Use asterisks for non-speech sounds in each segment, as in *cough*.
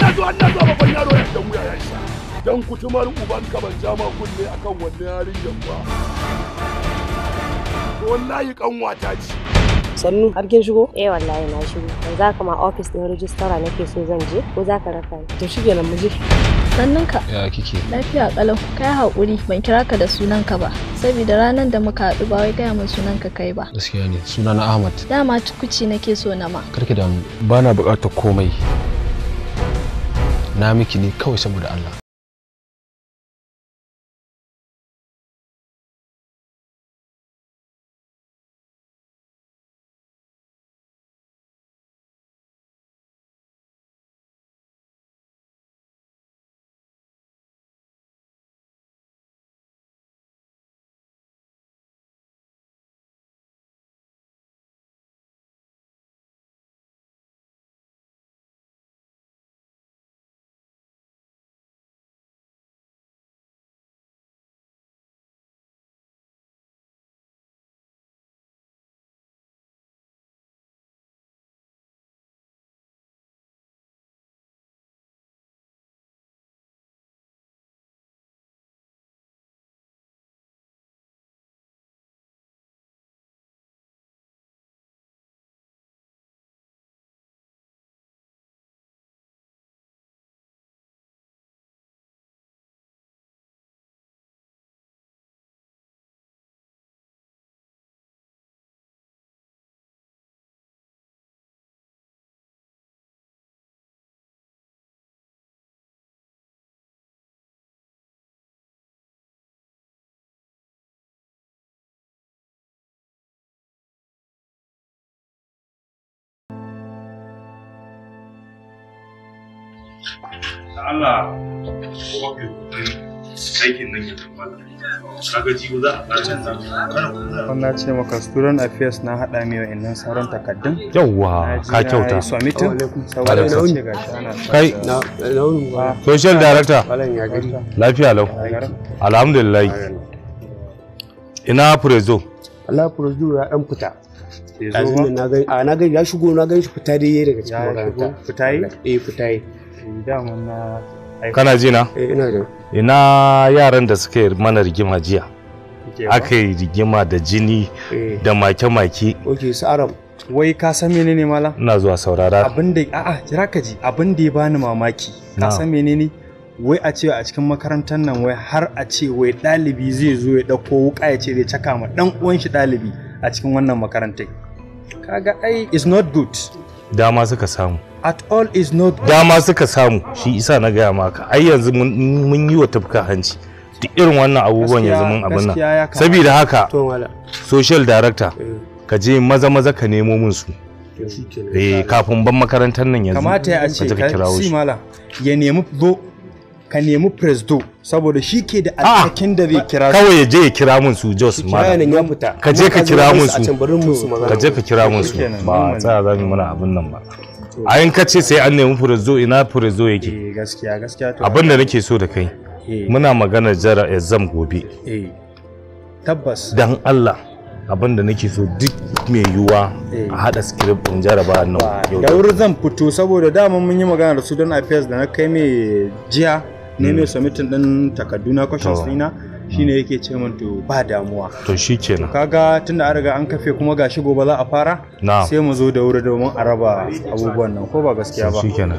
ana zuwa ana zuwa babban yaro yadda mu wuya ya isa dan kutumar uban ka ban ja ma kunne akan wannan yarinyan ba wallahi kanwata ce sannu har kin shigo eh wallahi na shigo za ka ma office din na ke so zan je ko za ka raka ni to shige nan muje sannunka ya kike lafiya kalau kai hakuri ban kira ka da sunan ka ba saboda ranar da muka haɗu ba wai gaya min ka kai ba gaskiya ne sunana Ahmad dama tukuci nake so na ma karki da ba na buƙatar komai na miki ne kawai saboda Allah da Allah kuma aikin nan ya kammala kaga za a ƙarshen na ce maka student affairs na haɗa mai wa'annan sauran takardun yawwa ka kyauta submitting kai social director lafiya lau alhamdulillah ina prezo Allah prezo ya ɗan fita na a na ya shigo na gan shi fita da yi daga cikin makaranta fita yi eh fita yi eh, kana ji na eh ina da ina yaran da suka yi mana rigima jiya aka yi rigima da jini eh. da make-make Ok, su arab wai ka san menene mala ina zuwa saurara abin da a'a jira ka ji abin da ya bani mamaki ka san menene wai a ce a cikin makarantar nan wai har a ce wai ɗalibi zai zo ya ɗauko wuƙa ya ce zai caka ma ɗan uwan shi ɗalibi a cikin wannan makarantai kaga ai is not good dama suka samu at all is not good. dama suka samu shi isa na gaya maka ai yanzu mun yi wa tafka hanci duk irin wannan abubuwan yanzu mun abin nan saboda haka social director eh. ka je maza maza ka nemo min su eh kafin ban makarantar nan yanzu kamata ya ce ka si mala ya nemi ka nemi presdo saboda shi ke da ah! alhakin da zai kira kawai ya je ya kira mun su jos mara ka je ka kira mun su ka je ka kira mun su ba tsaya za mu mana abin nan ba a yin ka ce sai an nemi presdo ina presdo yake eh, abin da nake so da kai eh. muna magana jara exam gobe eh. tabbas dan Allah abin da nake so duk mai yiwuwa a haɗa script in jaraba nan yau da wuri zan fito saboda dama mun yi magana da su don affairs da na kai mai jiya ne mai hmm. submitting din takarduna questions shi ne yake ce min to ba damuwa to shikenan kaga tunda an riga an kafe kuma gashi gobe za a fara sai mu zo da wuri domin a raba abubuwan nan ko ba gaskiya ba shikenan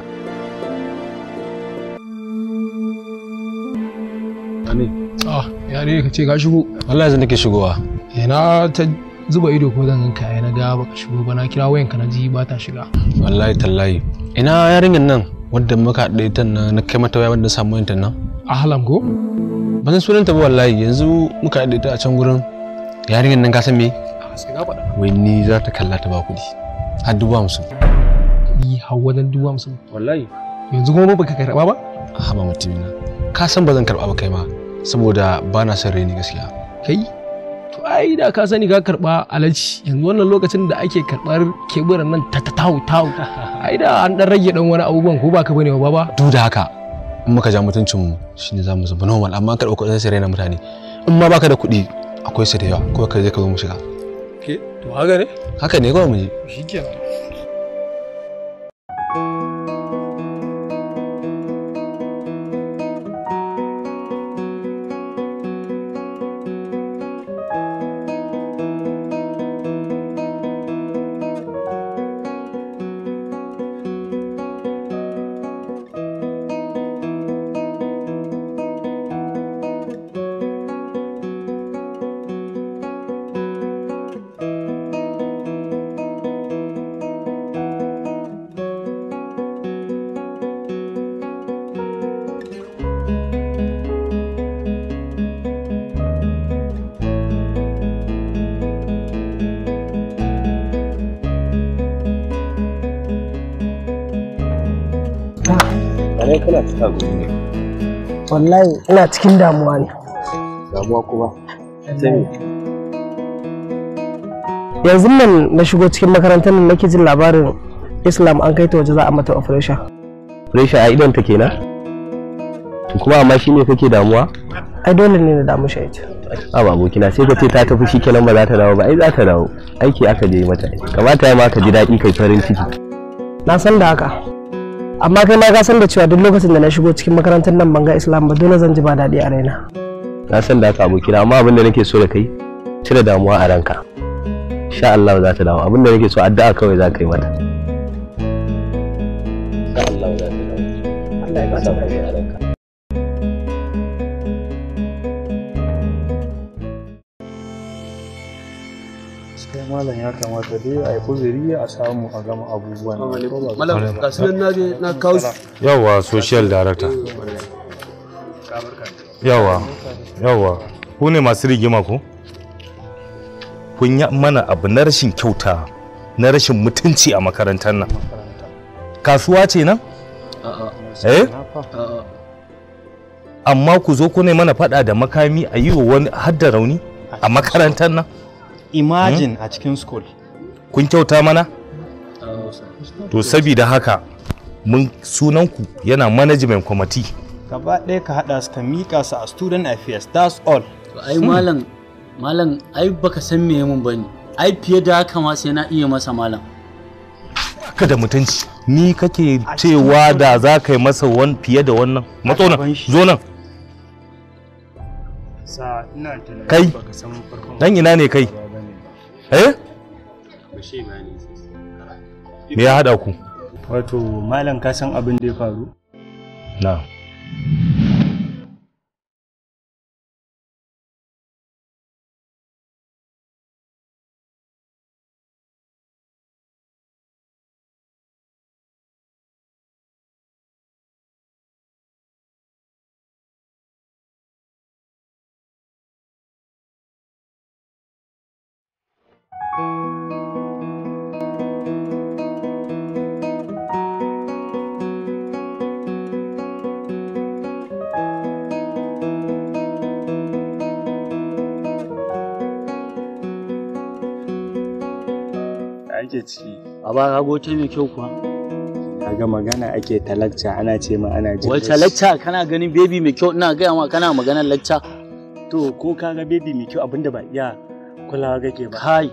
Ah, yare ka ce ka shigo. Allah yanzu nake shigowa. Ina eh, ta zuba ido ko zan ganka na ga baka shigo ba na kira wayanka na ji ba ta shiga. Wallahi tallahi. Ina yarinyar nan wadda muka haɗe ta nan na kai mata waya wadda samu yanta nan halam ko ba san sunanta ba wallahi yanzu muka haɗe ta a can gurin yarinyar nan ka san me ah, wai ni za ta kalla ta ba kuɗi har dubu hamsin kuɗi hawa wajen dubu hamsin wallahi yanzu kuma ka karɓa ba a haɓa mutumina ka san ba zan karɓa ba kai ma saboda ba na son raini gaskiya kai ai da ka sani ka karba alaji yanzu wannan lokacin da ake karbar keburan nan ta tawo tawo ai da an dan rage dan wani abubuwan ko ba ka bane ba ba duk da haka in muka ja mutuncin mu shine zamu zama normal amma karba kuɗin sai raina mutane in ma baka da kuɗi akwai su da yawa ko ka je ka zo mu shiga ke to haka ne haka ne kawai mu je shikenan kana cikin ne wallahi ina cikin damuwa ne damuwa kuma sai yanzu nan na shigo cikin makarantar nan nake jin labarin islam an kai ta waje za a mata operation operation a idon ta kenan kuma amma shine kake damuwa ai dole ne na damu shi ita a ba abokina sai ka ce ta tafi shi kenan ba za ta dawo ba ai za ta dawo aiki aka je mata kamata ya ma ka ji daɗi kai farin ciki na san da haka amma kai ma ka san da cewa duk lokacin da na shigo cikin makarantar nan banga islam ba dole zan ji ba daɗi a raina na san da ka abokina amma abin da nake so da kai cire damuwa a ranka insha Allah za ta dawo abin da nake so addu'a kawai za ka yi mata insha Allah za ta dawo Allah ya ba ta malam ya kamata dai a yi kuzuri a samu a gama abubuwan malam ga sunan na je na kawo yawa social director yawa yawa ku ne masu rigima ku kun yi mana abu na rashin kyauta na rashin mutunci a makarantar nan kasuwa ce nan eh amma ku zo ku ne mana fada da makami a yi wa wani hadda rauni a makarantar nan imagine a cikin school kun kyauta mana to saboda haka mun sunanku yana management committee gaba ɗaya ka haɗa su ka mika su a student affairs that's all ai malam malam ai baka san me mun bane ai fiye da haka ma sai na iya masa malam ka da mutunci ni kake cewa da za ka yi masa wani fiye da wannan matso nan zo nan kai dan ina ne kai Eh? me ya haɗa ku wato malam ka san abin da ya faru na ciki a ba rago mai kyau kuwa kaga magana ake ta lacca ana ce ma ana jin Wace lakca kana ganin baby mai kyau ina gaya ma kana maganar lakca? to ko kaga baby mai kyau abinda ba iya kulawa kake ba kai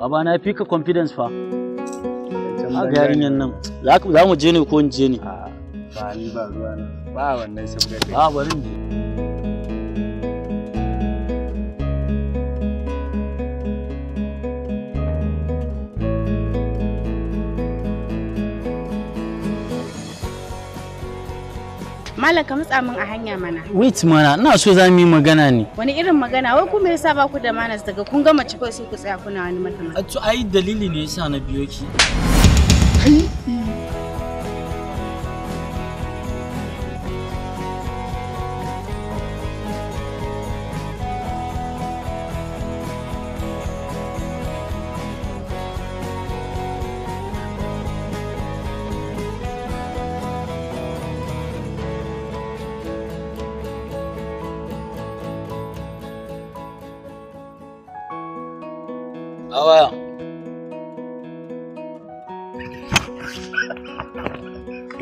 baba na fi ka confidence fa a ga yarinyan nan za mu je ne ko in je ne ba ni ba ruwa ba wannan sabgar ba barin Malam ka mutsa min a hanya mana. Wait mana, ina so za mu yi magana ne. Wani irin magana? Wai ku kuma yasa ba ku da manas daga kun gama ci sai ku tsaya kuna wani mata. To ai dalili ne yasa na biyo ki.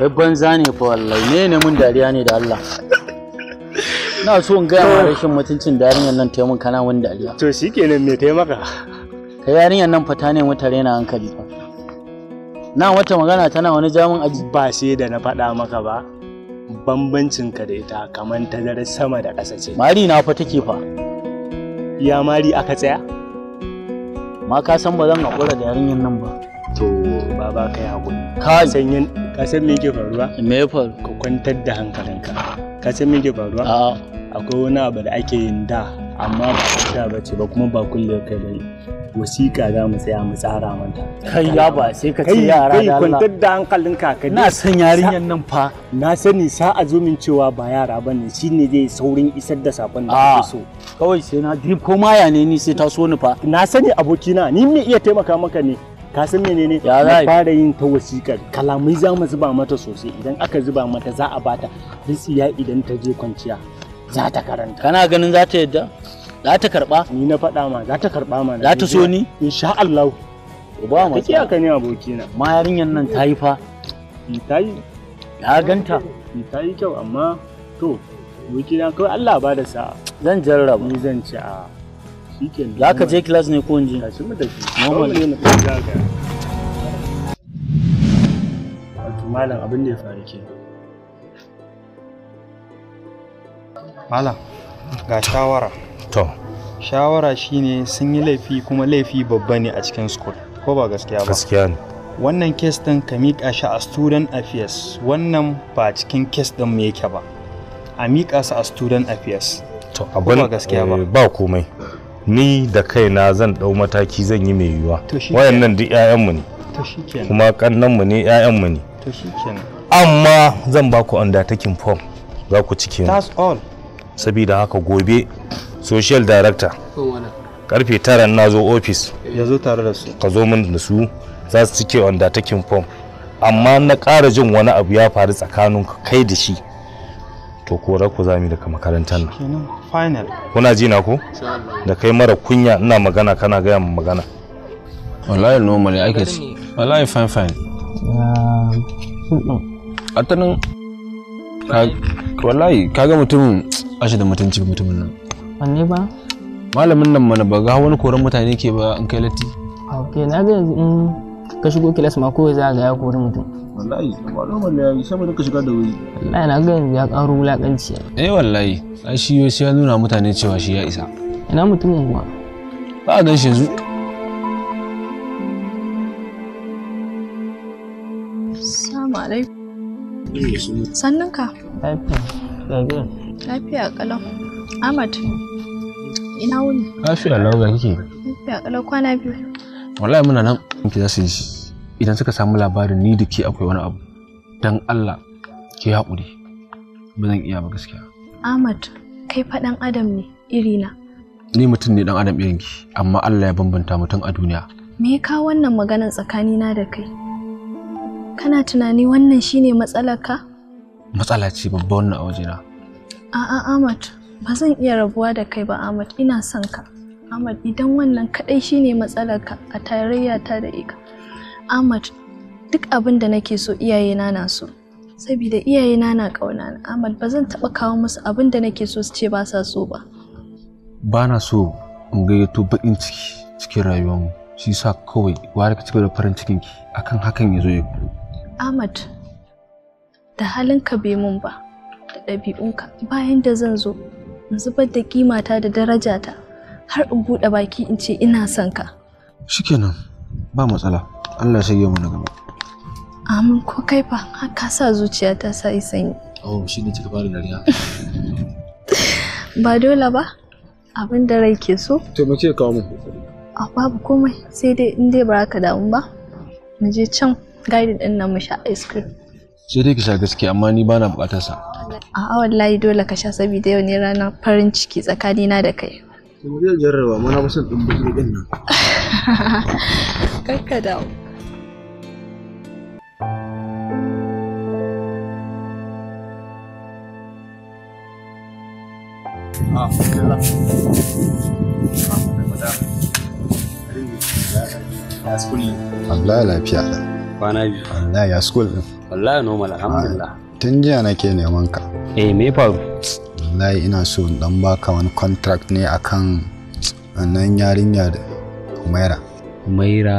Ai banza ne fa wallahi. Me ne mun dariya ne da Allah. Na so in gaya ma rashin mutuncin da yarinyar nan ta mun kana mun dariya. To nan me ta maka? Ka yarinyar nan fata ne mutare na hankali Na wata magana tana wani jamin aji. Ba sai da na faɗa maka ba. Bambancin ka da ita kamar ta sama da ƙasa ce. Mari na fa take fa. Ya mari aka tsaya? Ma ka san ba zan haƙura da yarinyar nan ba. To baba kai haƙuri. Ka sanyin ka san me yake faruwa me ya faru ka kwantar da hankalinka ka san me yake faruwa a'a akwai wani abu da ake yin da amma ba da ba ce ba kuma ba kulle kai bane wasiƙa za mu tsaya mu tsara mata kai ya ba sai ka ce yara da Allah kai kwantar da hankalinka ka na san yarinyan nan fa na sani sa'a zo min cewa ba yara bane shine zai saurin isar da sakon da ke so kawai sai na bi ko maya ne ni sai ta so ni fa na sani abokina ni me iya taimaka maka ne ka san menene na fara yin ta wasikar kalamai za mu zuba mata sosai idan aka zuba mata za a bata risiya idan ta je kwanciya za ta karanta kana ganin za ta yadda za ta karba ni na faɗa ma za ta karba ma za ta so ni insha Allah uba ma kike ka ne abokina ma yarinyan nan ta yi fa ta yi ya ganta ta yi kyau amma to abokina kawai Allah ba da sa'a zan jarraba ni zan ci a za ka je class ne ko in malam abin da ya faru ke malam ga shawara to shawara shine sun yi laifi kuma laifi babba ne a cikin school ko ba gaskiya ba gaskiya ne wannan kes din ka miƙa shi a student affairs wannan ba cikin kes din mu yake ba a miƙa su a student affairs to abin ba gaskiya ba eh, ba komai ni da kaina zan ɗau mataki zan yi mai yiwuwa wayannan duk 'ya'yanmu ne kuma kannanmu ne 'ya'yanmu ne amma zan ba ku undertaking form za ku cike all. saboda haka gobe social director karfe tara na zo ofis ka zo min da su za su cike undertaking form amma na ƙara jin wani abu ya faru tsakanin kai da shi to kora ku za mu daga makarantar nan final kuna ji na ko da kai mara kunya ina magana kana gaya mu magana wallahi normal ya ake ci wallahi fine fine a ah. ta nan wallahi kaga mutumin shi da mutunci mutumin nan wanne ba malamin nan mana ba ga wani koran mutane ke ba in kai latti ok na ga yanzu in ka shigo kilas ma kowai za ga ya kori mutum wallahi malumar ya yi saboda ka shiga da wuri wallahi na ga ya karo wulakanci eh wallahi ai shi yau ya nuna mutane cewa shi ya isa ina mutumin kuwa ba a ganshi yanzu Assalamu alaikum. Sannan ka? Lafiya. Lafiya kalau. Ahmad. Ina wuni? Lafiya lau ya kike? Lafiya kalau kwana biyu. Wallahi muna nan ki za su yi shi. idan suka samu labarin ni da ke akwai wani abu don Allah ke haƙuri ba zan iya ba gaskiya Ahmad kai faɗan adam ne irina ni mutum ne ɗan adam irin ki, amma Allah ya bambanta mutum a duniya me ya kawo wannan maganar tsakanina da kai kana tunani wannan shine matsalar ka matsala ce babba wannan a wajena a'a Ahmad ba zan iya rabuwa da kai ba Ahmad ina son ka Ahmad idan wannan kadai shine matsalar ka a tarayya ta da ika Ahmad duk abin da nake so iyayena na so saboda iyayena na ƙauna na Ahmad ba zan taba kawo musu abin da nake so su ce ba sa so ba ba na so in gayyato bakin ciki cikin rayuwar shi sa kawai ware ka cigaba da farin cikin ki akan hakan ya zo ya faru Ahmad da halin ka bai mun ba da ka, bayan da zan zo in zubar da kimata da daraja ta, har in buɗe baki in ce ina son ka shikenan ba matsala Allah sai mu na gaba amin ko kai fa haka sa zuciya ta sa yi sanyi oh shi ne kika fara dariya ba dole ba abin da rai ke so to mu ce kawo mu a babu komai sai dai in dai ba ka damu ba mu je can gaidin din nan mu sha ice cream sai dai ki sha gaske amma ni ba na bukatar sa a wallahi dole ka sha saboda yau ne ranar farin ciki tsakanina da kai Mu zai jarrawa mana wasan ɗin bukin ɗin nan. *laughs* Kakka dawo. Alhamdulillah. Wallahi lafiya da. Kwana biyu. Wallahi ya school din. Wallahi normal alhamdulillah. Tun jiya nake neman ka. Eh me faru? Wallahi ina so in dan baka wani contract ne akan wannan yarinya da Umaira. Umaira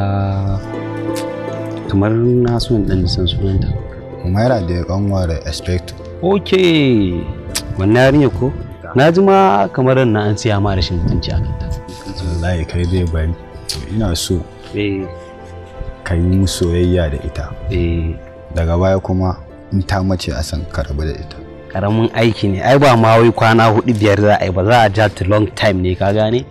kamar na so in dan san sunanta. Umaira da ya kanwa da expect. Okay. Wannan yarinya ko? na ji ma kamar na an siya ma rashin mutunci a kanta wallahi kai dai bari ina so eh. ka yi soyayya da ita eh. daga baya kuma in ta mace a san ka da ita karamin aiki ne ai ba ma wai kwana hudu biyar za a yi ba za a ja to long time ne ka gane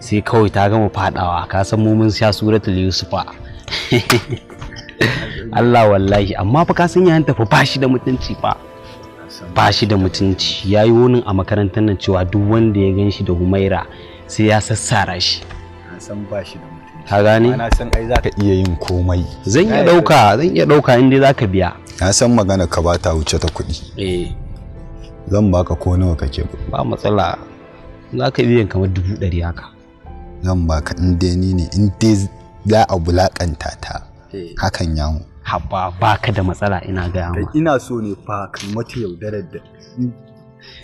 sai kawai ta gama fadawa ka san mu mun sha suratul yusufa *laughs* Allah wallahi amma fa ka san ya tafi bashi da mutunci fa ba shi da mutunci ya yi wunin a makarantar nan cewa duk wanda ya gan shi da humaira sai ya sassara shi san ba shi da mutunci ka gane ana san ai zaka iya yin komai zan iya dauka zan iya dauka inda zaka biya na san magana ka ba ta wuce ta kuɗi eh zan baka ko nawa kake ba matsala zaka yin kamar dubu ɗari haka zan baka in dai ni ne in dai za a bulakanta ta eh. hakan yamu ba baka da matsala ina gaya eh, ma ina so ne fa ka mata yaudarar da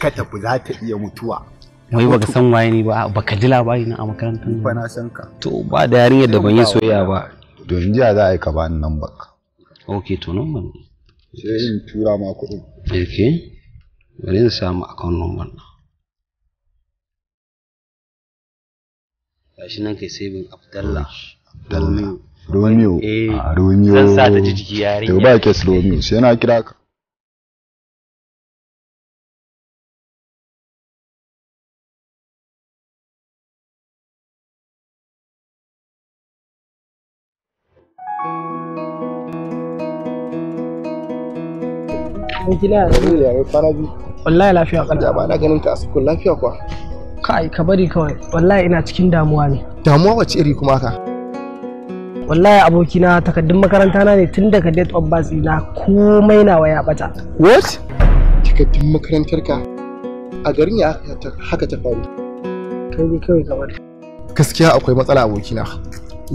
ka tafi za ta iya mutuwa wai baka san waye ne ba baka ji labari na a makarantar ba na san ka to ba da yarinyar da ban yi soyayya ba to in ji za a yi ka ba ni nan ba okay to nan ne. sai in tura ma kuɗin okay bari in samu account number na gashi nan kai sai bin abdallah abdallah romeo eh, a ah, romeo zan sa ta ji jiki yarinya to ba kes romeo sai na kira ka mun gida da ne ya kwana biyu wallahi lafiya kana ba na ganin ka asibiti lafiya kwa? kai ka bari kawai wallahi ina cikin damuwa ne damuwa wace iri kuma ka. wallahi abokina takaddun makaranta na ne tun daga date of birth na komai nawa ya bata what takaddun makarantar ka a garin ya haka ta faru kai ne kawai kamar gaskiya akwai matsala abokina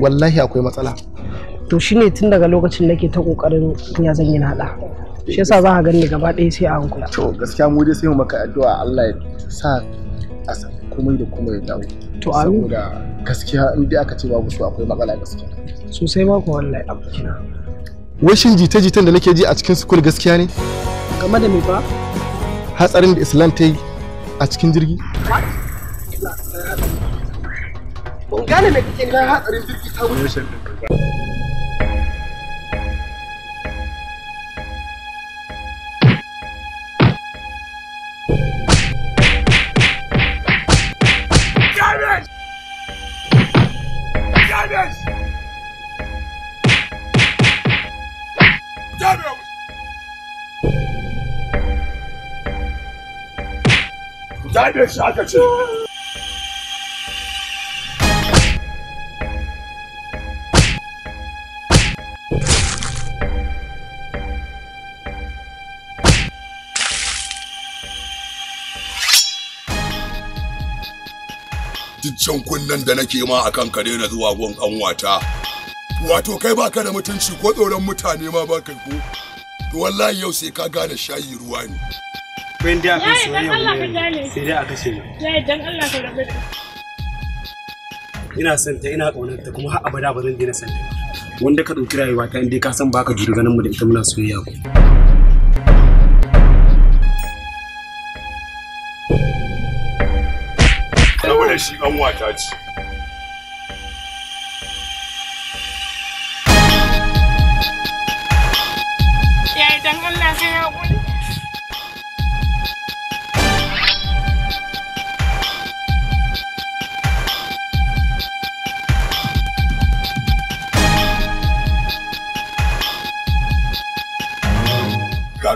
wallahi akwai matsala to shine tun daga lokacin nake ta kokarin ya zan yi nada shi yasa za ka gani gaba ɗaya sai a hankula to gaskiya mu dai sai mu maka addu'a Allah ya sa a komai da komai ya dawo to amin saboda gaskiya in dai aka ce babu su akwai matsala gaskiya sosai ba ku wallahi abokina wai shin jita-jitan da nake ji a cikin sukul gaskiya ne game da me ba hatsarin da islam ta yi a cikin jirgi ban gane me kake ne hatsarin jirgi ta wuce da shi aka ce kunnen da nake ma akan kare na zuwa gon ƙanwata. wato kai baka da mutunci ko tsoron mutane ma baka ko to wallahi yau sai ka gane shayi ruwa ne When they are ka young, sai dai a kashe Yayi dan Allah ka da. Ina son ta ina kaunar ta kuma har abada ba zan daina son ta. Wanda ka ɗauki rayuwa ta inda ka san ka juri ganin mu da ita muna soyayya.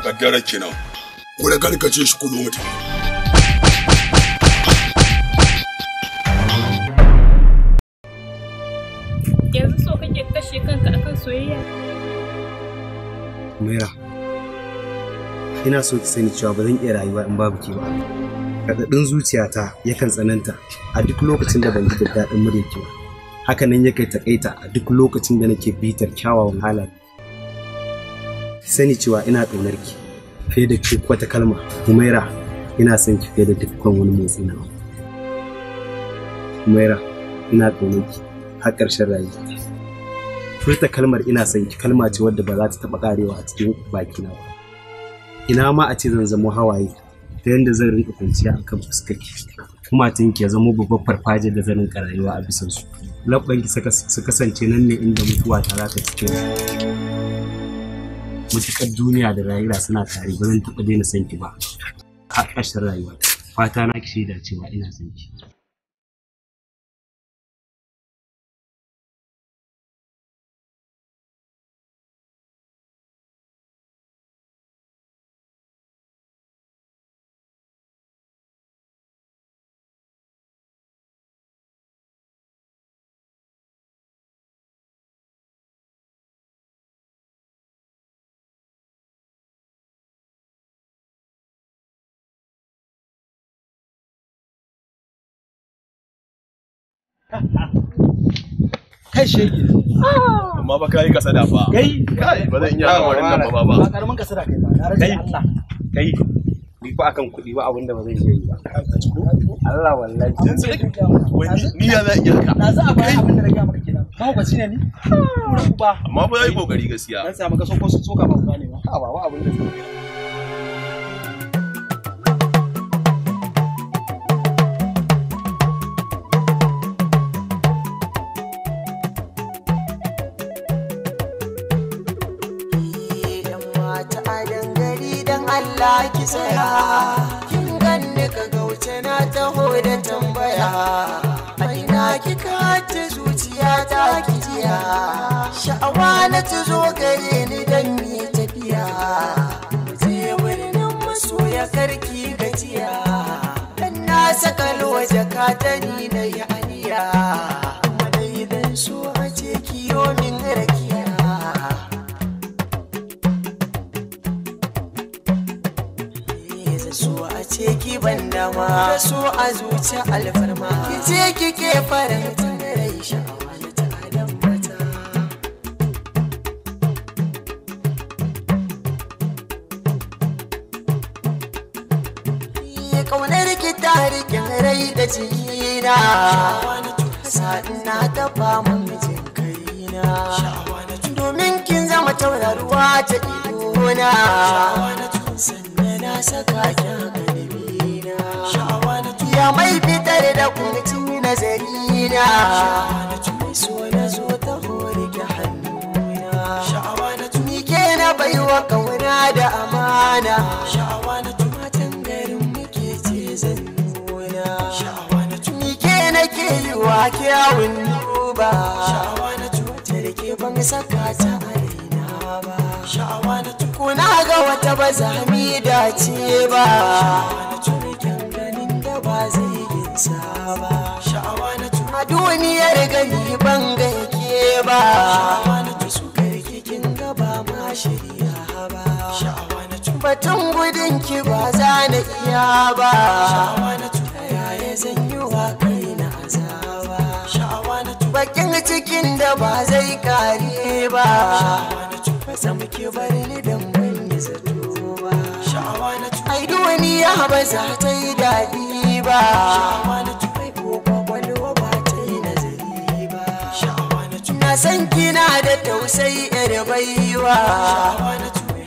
kaddara kenan ku da ce shi ku mutum yanzu so kake kashe kanka akan soyayya Mira, ina so ki sani cewa ba zan iya rayuwa in babu ki ba. Raɗaɗin zuciyata yakan tsananta a duk lokacin da ban ji daɗin muryarki ba. Haka nan kai takaita a duk lokacin da nake bitar kyawawan halaye. Sani cewa ina ƙaunar ki. fiye da duk wata kalma humaira ina son ki fiye da dukkan wani motsi na humaira ina ƙaunar ki har ƙarshen rayuwa furta kalmar ina son ki kalma ce wadda ba za ta taɓa ƙarewa a cikin na ba ina ma a ce zan zama hawaye ta yadda zan rinka kwanciya a kan fuskarki kuma tun ya zama babbar farfajiyar da zan rinka rayuwa a bisansu labban ki su kasance nan ne inda mutuwa ta za ta cikin mutukar duniya da rayuwa suna tare ba zan taɓa daina sanki ba a ƙarshen rayuwa fata na ki shaida cewa ina sanki. kai shege amma ba kai kai kai ba zan iya ba ba ba kai ba Allah kai ni akan kuɗi ba abinda ba yi ba Allah wallahi ni ya iya ka na za a bayar abinda na ga maka kenan ne ni amma ba yi kokari gaskiya dan sai maka so ko su ba ku gane ba ba abinda ki tsaya kin ganni ka gauce na taho da tambaya a ki kika ta zuciya ta ki jiya sha'awa na ta zo gare ni dan mi tafiya je birnin masoya karki gajiya dan na saka loja ka ni na yi aniya kuma dai dan so a ce kiyo karama ta so a zuci alfarma ki ce kike farin rai sha'awa ta adam mata kaunar ki ta rikin rai da jina sa'in na taba mun mijin kaina domin kin zama tauraruwa ta idona sannan na saka ki fitar da kwarcin nazari na na baiwa kauna da amana Sha'awa na tumatan garin muke ce zan Sha'awa na tumike nake yi wa kyawun duba Sha'awa na tumatar ke ban saka ta a ba Sha'awa na tukuna ga wata ba za mi dace ba saba a duniyar gani ban gaike ba batun gudun ki ba za na iya ba yaya zan yi wa kai na azaba bakin cikin da ba zai kare ba fasa muke bar ni dan ban yi zato ba ai duniya ba za ta yi daɗi nazari ba na san kina da tausayi da baiwa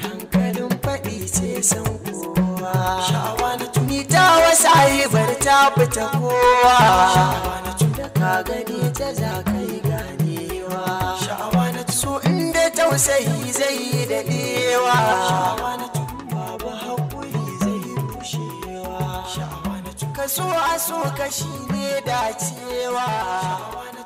hankalin faɗi ce san kowa ni ta wasa bar ta fita kowa da ka gani ta za ka yi ganewa so inda tausayi zai yi daɗewa babu haƙuri zai rushewa kaso a so kashi ne dacewa